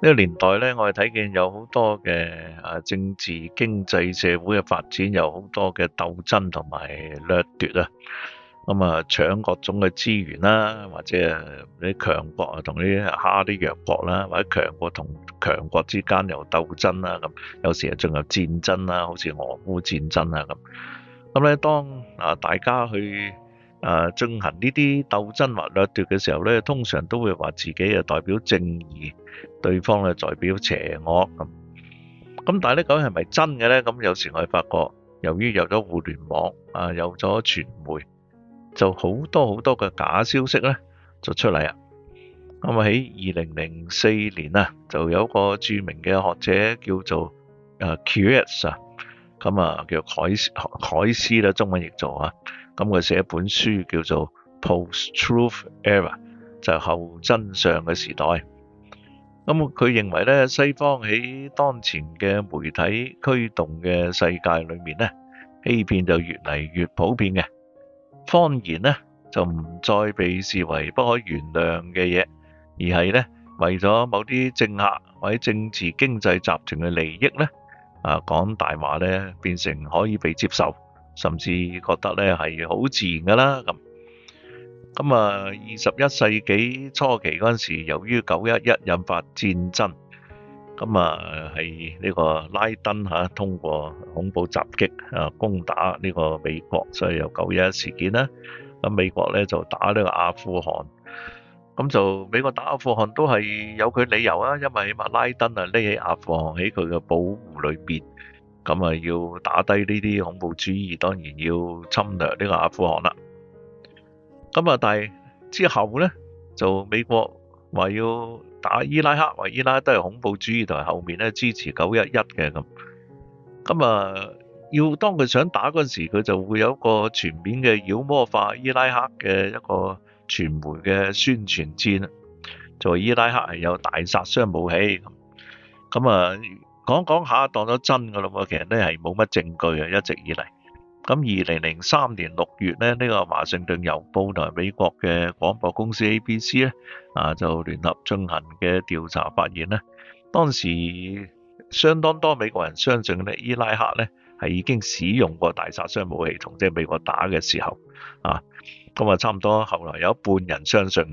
呢個年代咧，我哋睇見有好多嘅啊政治、經濟、社會嘅發展，有好多嘅鬥爭同埋掠奪啊，咁啊搶各種嘅資源啦，或者啊啲強國啊同啲蝦啲弱國啦，或者強國同強，強，強國之間有鬥爭啦，咁有時啊進入戰爭啦，好似俄烏戰爭啊咁。咁咧當啊大家去。誒、啊、進行呢啲鬥爭或掠奪嘅時候咧，通常都會話自己又代表正義，對方咧代表邪惡咁。咁、啊、但係究竟係咪真嘅咧？咁有時我哋發覺，由於有咗互聯網啊，有咗傳媒，就好多好多嘅假消息咧就出嚟啊！咁啊喺二零零四年啊，就有個著名嘅學者叫做誒 u r a t 啊，咁啊叫凱，凱斯凱斯啦，中文譯做啊。咁佢寫一本書叫做《Post Truth Era》，就係、後真相嘅時代。咁佢認為咧，西方喺當前嘅媒體驅動嘅世界裏面咧，欺騙就越嚟越普遍嘅，謊言咧就唔再被視為不可原諒嘅嘢，而係咧為咗某啲政客或者政治經濟集團嘅利益咧，啊講大話咧變成可以被接受。甚至覺得咧係好自然噶啦咁。咁啊，二十一世紀初期嗰陣時，由於九一一引發戰爭，咁啊係呢個拉登嚇、啊、通過恐怖襲擊啊攻打呢個美國，所以由九一一事件啦，咁美國咧就打呢個阿富汗。咁就美國打阿富汗都係有佢理由啊，因為起碼拉登啊匿喺阿富汗喺佢嘅保護裏邊。咁啊，要打低呢啲恐怖主義，當然要侵略呢個阿富汗啦。咁啊，但係之後咧，就美國話要打伊拉克，話伊拉克係恐怖主義，同埋後面咧支持九一一嘅咁。咁、嗯、啊，要當佢想打嗰陣時，佢就會有一個全面嘅妖魔化伊拉克嘅一個傳媒嘅宣傳戰啦。就話伊拉克係有大殺傷武器咁。咁、嗯、啊～、嗯講講下當咗真噶啦嘛，其實咧係冇乜證據嘅，一直以嚟。咁二零零三年六月咧，呢個華盛頓郵報同埋美國嘅廣播公司 ABC 咧啊，就聯合進行嘅調查發現咧，當時相當多美國人相信咧伊拉克咧係已經使用過大殺傷武器，同即係美國打嘅時候啊，咁啊差唔多後來有一半人相信。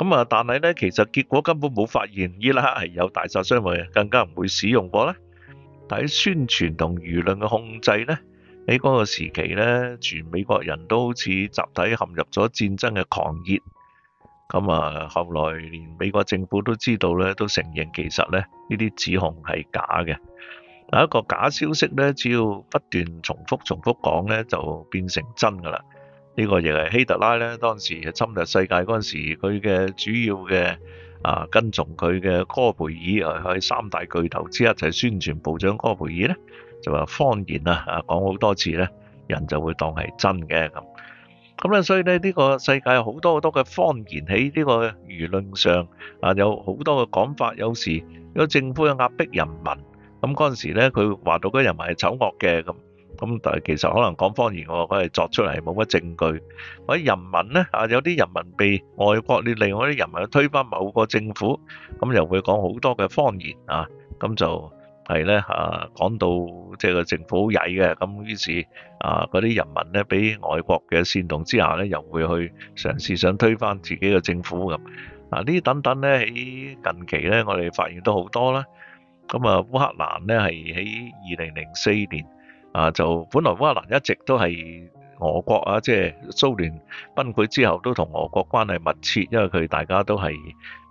咁啊！但係咧，其實結果根本冇發現，伊拉克係有大殺傷，會更加唔會使用過咧。但宣傳同輿論嘅控制咧，喺嗰個時期咧，全美國人都好似集體陷入咗戰爭嘅狂熱。咁啊，後來連美國政府都知道咧，都承認其實咧呢啲指控係假嘅。一個假消息咧，只要不斷重複重複講咧，就變成真㗎啦。呢個亦係希特拉咧，當時侵略世界嗰陣時，佢嘅主要嘅啊跟從佢嘅戈培爾啊，喺三大巨頭之一就係宣傳部長戈培爾咧，就話謊言啊，啊講好多次咧，人就會當係真嘅咁。咁咧，所以咧呢個世界有好多好多嘅謊言喺呢個輿論上啊，有好多嘅講法，有時有政府嘅壓迫人民，咁嗰陣時咧佢話到嗰人民係醜惡嘅咁。咁但係其實可能講謊言，我佢係作出嚟，冇乜證據。或者人民咧啊，有啲人民被外國利用，嗰啲人民去推翻某個政府，咁又會講好多嘅謊言啊。咁就係咧啊，講到即係個政府好曳嘅，咁於是啊嗰啲人民咧，俾外國嘅煽動之下咧，又會去嘗試想推翻自己嘅政府咁。啊，呢等等咧喺近期咧，我哋發現都好多啦。咁啊，烏克蘭咧係喺二零零四年。啊！就本來烏克蘭一直都係俄國啊，即係蘇聯崩潰之後都同俄國關係密切，因為佢大家都係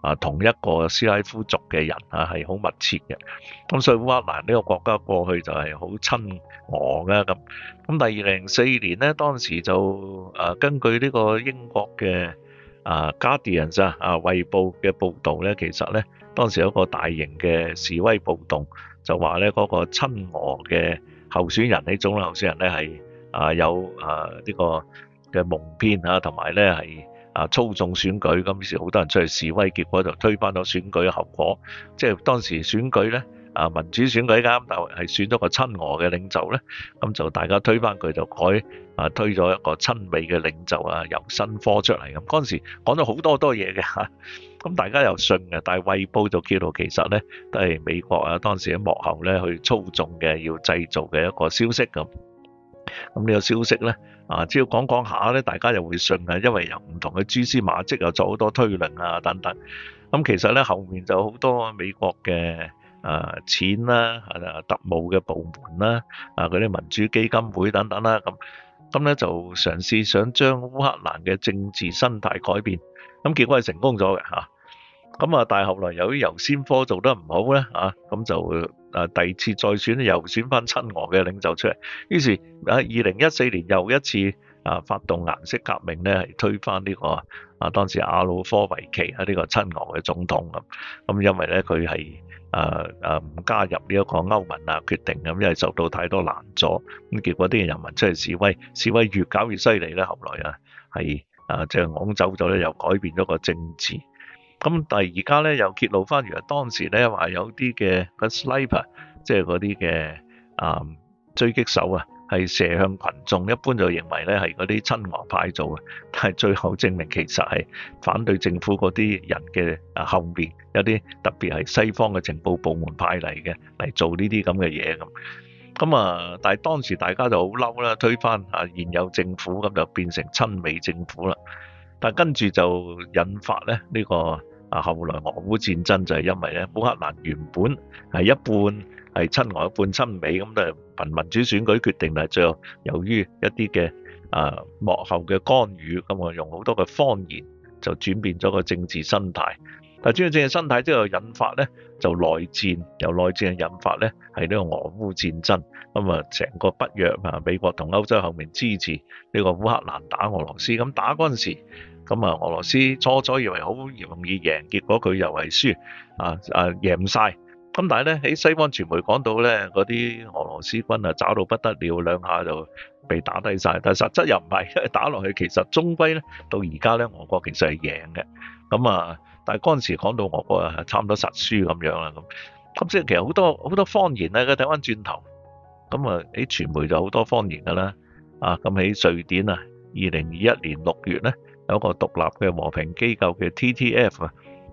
啊同一個斯拉夫族嘅人啊，係好密切嘅。咁所以烏克蘭呢個國家過去就係好親俄㗎。咁咁第二零四年呢，當時就啊根據呢個英國嘅啊 Guardians 啊啊《衛報》嘅報導呢，其實呢，當時有一個大型嘅示威暴動，就話呢嗰個親俄嘅，候選人呢種啦，候選人咧係啊有啊呢個嘅蒙騙啊，同埋咧係啊操縱選舉咁，於是好多人出去示威，結果就推翻咗選舉嘅後果。即係當時選舉咧啊民主選舉啱，咁但係選咗個親俄嘅領袖咧，咁就大家推翻佢就改啊推咗一個親美嘅領袖啊由新科出嚟咁嗰陣時講咗好多多嘢嘅。咁大家又信嘅，但係《衛報》就叫做其實咧，都係美國啊當時喺幕後咧去操縱嘅，要製造嘅一個消息咁。咁呢個消息咧啊，只要講講下咧，大家又會信嘅，因為由唔同嘅蛛絲馬跡又做好多推論啊等等。咁其實咧後面就好多美國嘅啊錢啦啊特務嘅部門啦啊嗰啲、啊、民主基金會等等啦、啊、咁。咁咧就嘗試想將烏克蘭嘅政治生態改變，咁結果係成功咗嘅咁啊，但係後來由於尤先科做得唔好咧咁、啊、就第二次再選又選翻親俄嘅領袖出嚟，於是啊二零一四年又一次啊發動顏色革命咧，係推翻呢、呢個啊當時阿魯科維奇呢個親俄嘅總統咁。咁、啊啊、因為咧佢係。誒誒唔加入呢一個歐盟啊，決定咁，因為受到太多攔阻，咁結果啲人民出嚟示威，示威越搞越犀利咧，後來啊，係誒即係講走咗咧，又改變咗個政治。咁但係而家咧又揭露翻，原來當時咧話有啲嘅 gunslayer，即係嗰啲嘅誒追擊手啊。係射向群眾，一般就認為咧係嗰啲親俄派做嘅，但係最後證明其實係反對政府嗰啲人嘅後邊有啲特別係西方嘅情報部門派嚟嘅嚟做呢啲咁嘅嘢咁。咁啊，但係當時大家就好嬲啦，推翻啊現有政府，咁就變成親美政府啦。但跟住就引發咧呢個啊後來俄烏戰爭就係因為咧烏克蘭原本係一半。係親俄半親美咁都係憑民主選舉決定，但最後由於一啲嘅啊幕後嘅干預，咁啊用好多嘅謊言就轉變咗個政治生態。但係轉變政治生態之後引發咧就內戰，由內戰嘅引發咧喺呢個俄烏戰爭。咁啊，成個北約啊美國同歐洲後面支持呢個烏克蘭打俄羅斯。咁打嗰陣時，咁啊俄羅斯初初以為好容易贏，結果佢又係輸啊啊贏唔晒。咁但係咧，喺西方傳媒講到咧，嗰啲俄羅斯軍啊，找到不得了，兩下就被打低晒。但係實質又唔係，因為打落去其實終歸咧，到而家咧，俄國其實係贏嘅。咁啊，但係嗰陣時講到俄國啊，差唔多實輸咁樣啊。咁即係其實好多好多謊言啊！佢睇翻轉頭，咁啊喺傳媒就好多謊言㗎啦。啊，咁喺瑞典啊，二零二一年六月咧，有個獨立嘅和平機構嘅 TTF 啊。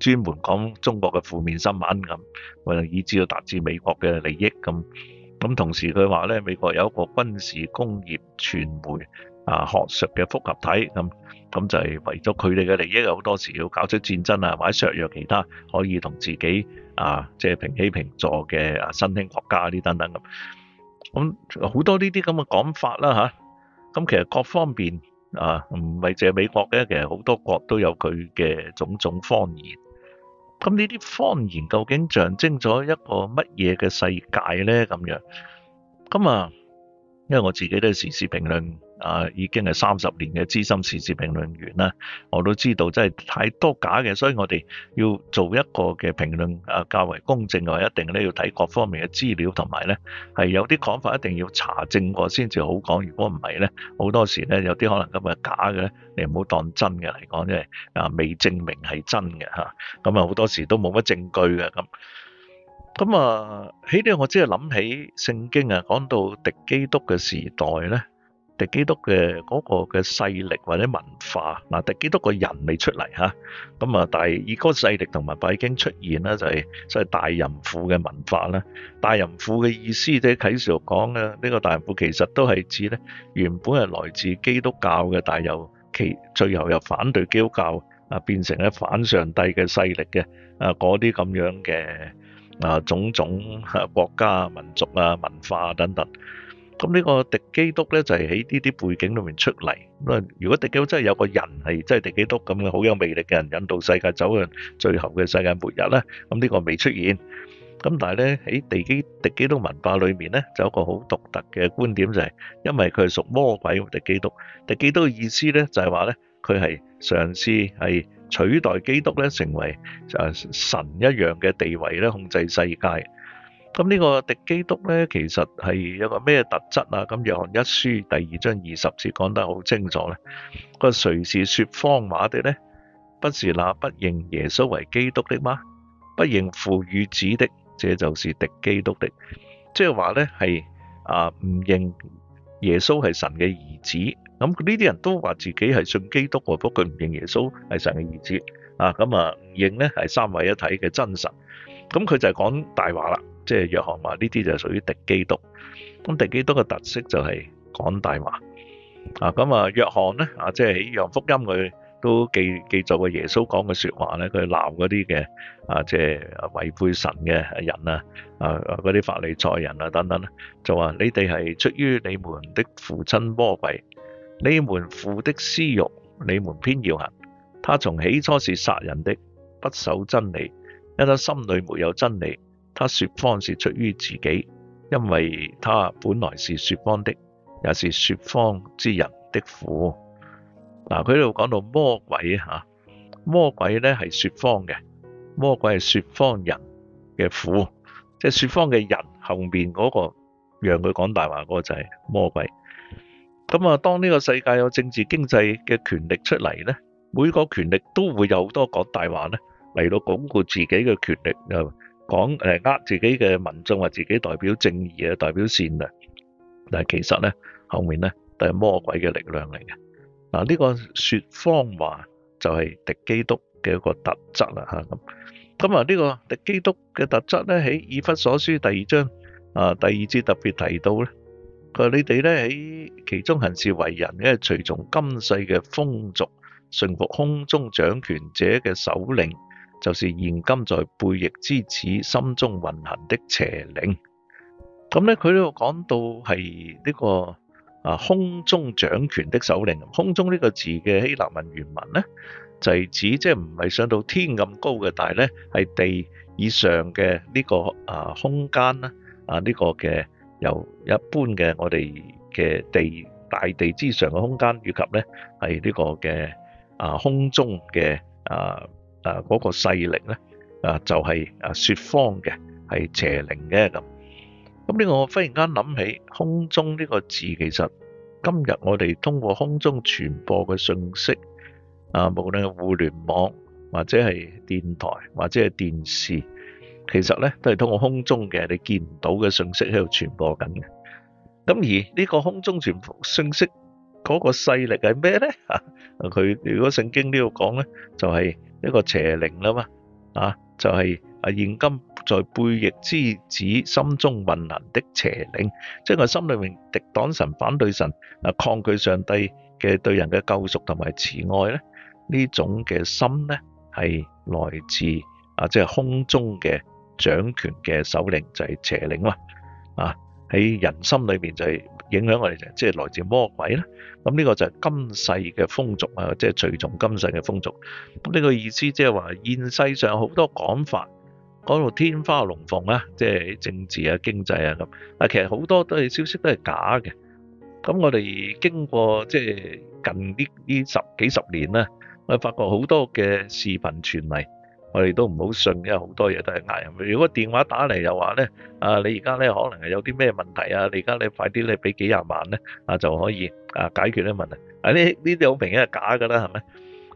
專門講中國嘅負面新聞咁，或者以至要達至美國嘅利益咁。咁同時佢話咧，美國有一個軍事工業傳媒啊、學術嘅複合體咁，咁就係為咗佢哋嘅利益，好多時要搞出戰爭啊，或者削弱其他可以同自己啊，即係平起平坐嘅啊新興國家啲等等咁。咁好多呢啲咁嘅講法啦嚇。咁其實各方面，啊，唔係淨係美國嘅，其實好多國都有佢嘅種種謊言。咁呢啲謊言究竟象徵咗一個乜嘢嘅世界咧？咁樣，咁啊。因為我自己都係時事評論啊，已經係三十年嘅資深時事評論員啦，我都知道真係太多假嘅，所以我哋要做一個嘅評論啊，較為公正嘅話一定咧，要睇各方面嘅資料同埋咧，係有啲講法一定要查證過先至好講。如果唔係咧，好多時咧有啲可能咁係假嘅咧，你唔好當真嘅嚟講，即係啊未證明係真嘅嚇，咁啊好多時都冇乜證據嘅咁。啊。咁啊，起呢，我只係諗起聖經啊，講到敵基督嘅時代咧，敵基督嘅嗰個嘅勢力或者文化，嗱，敵基督個人未出嚟嚇，咁啊，但係以嗰勢力同文化已經出現啦，就係即係大淫婦嘅文化啦，大淫婦嘅意思，即係啟示錄講呢個大淫婦其實都係指咧原本係來自基督教嘅，但又其最後又反對基督教啊，變成反上帝嘅勢力嘅啊，嗰啲咁樣嘅。啊，種種啊國家、民族啊、文化等等，咁呢個敵基督咧就係喺呢啲背景裏面出嚟。咁啊，如果敵基督真係有個人係真係敵基督咁嘅好有魅力嘅人，引導世界走向最後嘅世界末日咧，咁呢個未出現。咁但係咧喺敵基敵基督文化裏面咧，就有一個好獨特嘅觀點就係，因為佢係屬魔鬼嘅敵基督。敵基督嘅意思咧就係話咧，佢係上司係。取代基督咧，成為啊神一樣嘅地位咧，控制世界。咁呢個敵基督咧，其實係有個咩特質啊？咁約翰一書第二章二十節講得好清楚咧，個誰是説謊話的咧，不是那不認耶穌為基督的嗎？不認父與子的，這就是敵基督的。即係話咧，係啊唔認耶穌係神嘅兒子。咁呢啲人都話自己係信基督，不過佢唔認耶穌係神嘅兒子啊。咁啊唔認咧係三位一體嘅真神。咁佢就係講大話啦，即係約翰話呢啲就係屬於敵基督。咁敵基督嘅特色就係講大話啊。咁啊約翰咧啊，即係《喜羊福音》佢都記記咗個耶穌講嘅説話咧，佢鬧嗰啲嘅啊，即係違背神嘅人啊，啊嗰啲法利賽人啊等等，就話你哋係出於你們的父親魔鬼。你們父的私欲，你們偏要行。他從起初是殺人的，不守真理，因他心裏沒有真理。他說謊是出於自己，因為他本來是說謊的，也是說謊之人的父。嗱，佢呢度講到魔鬼吓，啊，魔鬼咧係說謊嘅，魔鬼係說謊人嘅父，即係說謊嘅人後面嗰個讓佢講大話嗰個就係魔鬼。咁啊，當呢個世界有政治經濟嘅權力出嚟咧，每個權力都會有好多講大話咧，嚟到鞏固自己嘅權力又講誒，呃自己嘅民眾話自己代表正義啊，代表善良，但係其實咧後面咧都係魔鬼嘅力量嚟嘅。嗱，呢個說謊話就係敵基督嘅一個特質啦吓。咁，咁啊呢個敵基督嘅特質咧喺以弗所書第二章啊第二節特別提到咧。佢話：他你哋咧喺其中行事為人咧，隨從今世嘅風俗，順服空中掌權者嘅首領，就是現今在背逆之子心中運行的邪靈。咁咧，佢呢度講到係呢、這個啊空中掌權的首領。空中呢個字嘅希臘文原文咧，就係、是、指即係唔係上到天咁高嘅，但係咧係地以上嘅呢、這個啊空間啦，啊呢、這個嘅。由一般嘅我哋嘅地大地之上嘅空間，以及咧係呢個嘅啊空中嘅啊啊嗰、那個勢力咧啊就係、是、啊說謊嘅係邪靈嘅咁。咁呢個我忽然間諗起空中呢個字，其實今日我哋通過空中傳播嘅信息啊，無論係互聯網或者係電台或者係電視。其實咧都係通過空中嘅你見唔到嘅信息喺度傳播緊嘅。咁而呢個空中傳播信息嗰個勢力係咩咧？佢如果聖經呢度講咧，就係一個邪靈啦嘛。啊，就係啊現今在悖逆之子心中運行的邪靈，即係個心裏面敵擋神、反對神、啊抗拒上帝嘅對人嘅救贖同埋慈愛咧。呢種嘅心咧係來自啊即係空中嘅，掌權嘅首領就係邪靈嘛、啊，啊喺人心裏邊就係影響我哋，就即、是、係來自魔鬼啦、啊。咁呢個就係今世嘅風俗啊，即、就、係、是、隨從今世嘅風俗。咁呢個意思即係話，現世上好多講法講到天花龍鳳啊，即、就、係、是、政治啊、經濟啊咁。啊，其實好多都係消息都係假嘅。咁我哋經過即係、就是、近呢呢十幾十年咧，我哋發覺好多嘅視頻傳嚟。我哋都唔好信，因為好多嘢都係假嘅。如果電話打嚟又話咧，啊你而家咧可能係有啲咩問題啊？你而家你快啲咧俾幾廿萬咧，啊就可以啊解決啲問題。啊呢呢啲好明顯係假㗎啦，係咪？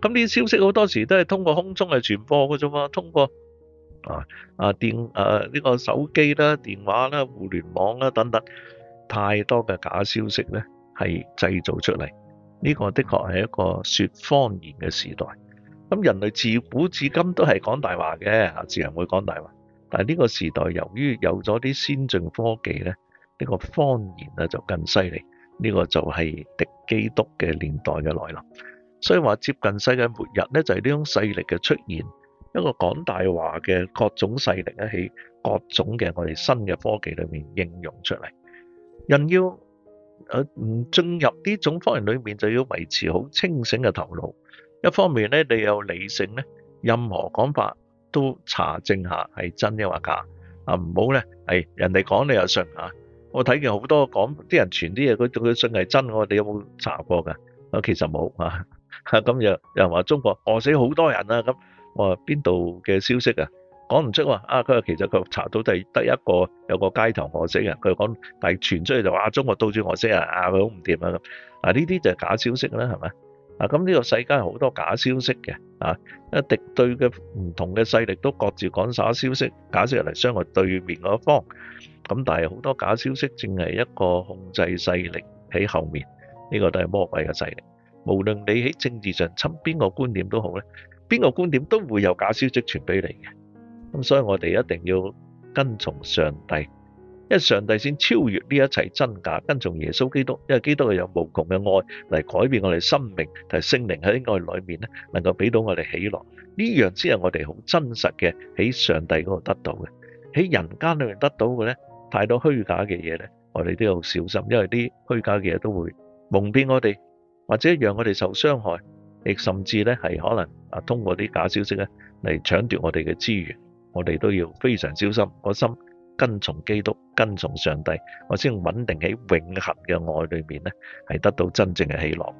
咁啲消息好多時都係通過空中係傳播㗎啫嘛，通過啊啊電啊呢個手機啦、電話啦、互聯網啦等等，太多嘅假消息咧係製造出嚟。呢個的確係一個説謊言嘅時代。咁人類自古至今都係講大話嘅，自然會講大話。但係呢個時代，由於有咗啲先進科技咧，呢個謊言啊就更犀利。呢個就係敵基督嘅年代嘅來臨。所以話接近世界末日咧，就係呢種勢力嘅出現，一個講大話嘅各種勢力，喺各種嘅我哋新嘅科技裏面應用出嚟。人要誒唔進入呢種謊言裏面，就要維持好清醒嘅頭腦。一方面咧，你有理性咧，任何講法都查證下係真嘅話假的啊，唔好咧係人哋講你又信啊。我睇見好多講啲人，人傳啲嘢，佢佢信係真的，你有有的，我哋有冇查過噶？我其實冇啊。咁又又話中國餓死好多人啊。咁我話邊度嘅消息啊？講唔出啊。啊，佢話其實佢查到第得一個有個街頭餓死人，佢講但係傳出去就話、啊、中國到處餓死人啊，佢好唔掂啊咁啊。呢、啊、啲就係假消息啦，係咪？啊！咁，這、呢個世界好多假消息嘅啊，敵對嘅唔同嘅勢力都各自講晒消息，假設嚟傷害對面嗰方。咁但係好多假消息，淨係一個控制勢力喺後面，呢、這個都係魔鬼嘅勢力。無論你喺政治上侵邊個觀點都好咧，邊個觀點都會有假消息傳俾你嘅。咁所以我哋一定要跟從上帝。因為上帝先超越呢一切真假，跟從耶穌基督。因為基督佢有無窮嘅愛嚟改變我哋生命同聖靈喺愛裏面咧，能夠俾到我哋喜樂。呢樣先係我哋好真實嘅喺上帝嗰度得到嘅。喺人間裏面得到嘅咧，太多虛假嘅嘢咧，我哋都要小心，因為啲虛假嘅嘢都會蒙騙我哋，或者讓我哋受傷害，亦甚至咧係可能啊通過啲假消息咧嚟搶奪我哋嘅資源，我哋都要非常小心個心。跟從基督，跟從上帝，我先穩定喺永恒嘅愛裏面咧，係得到真正嘅喜樂。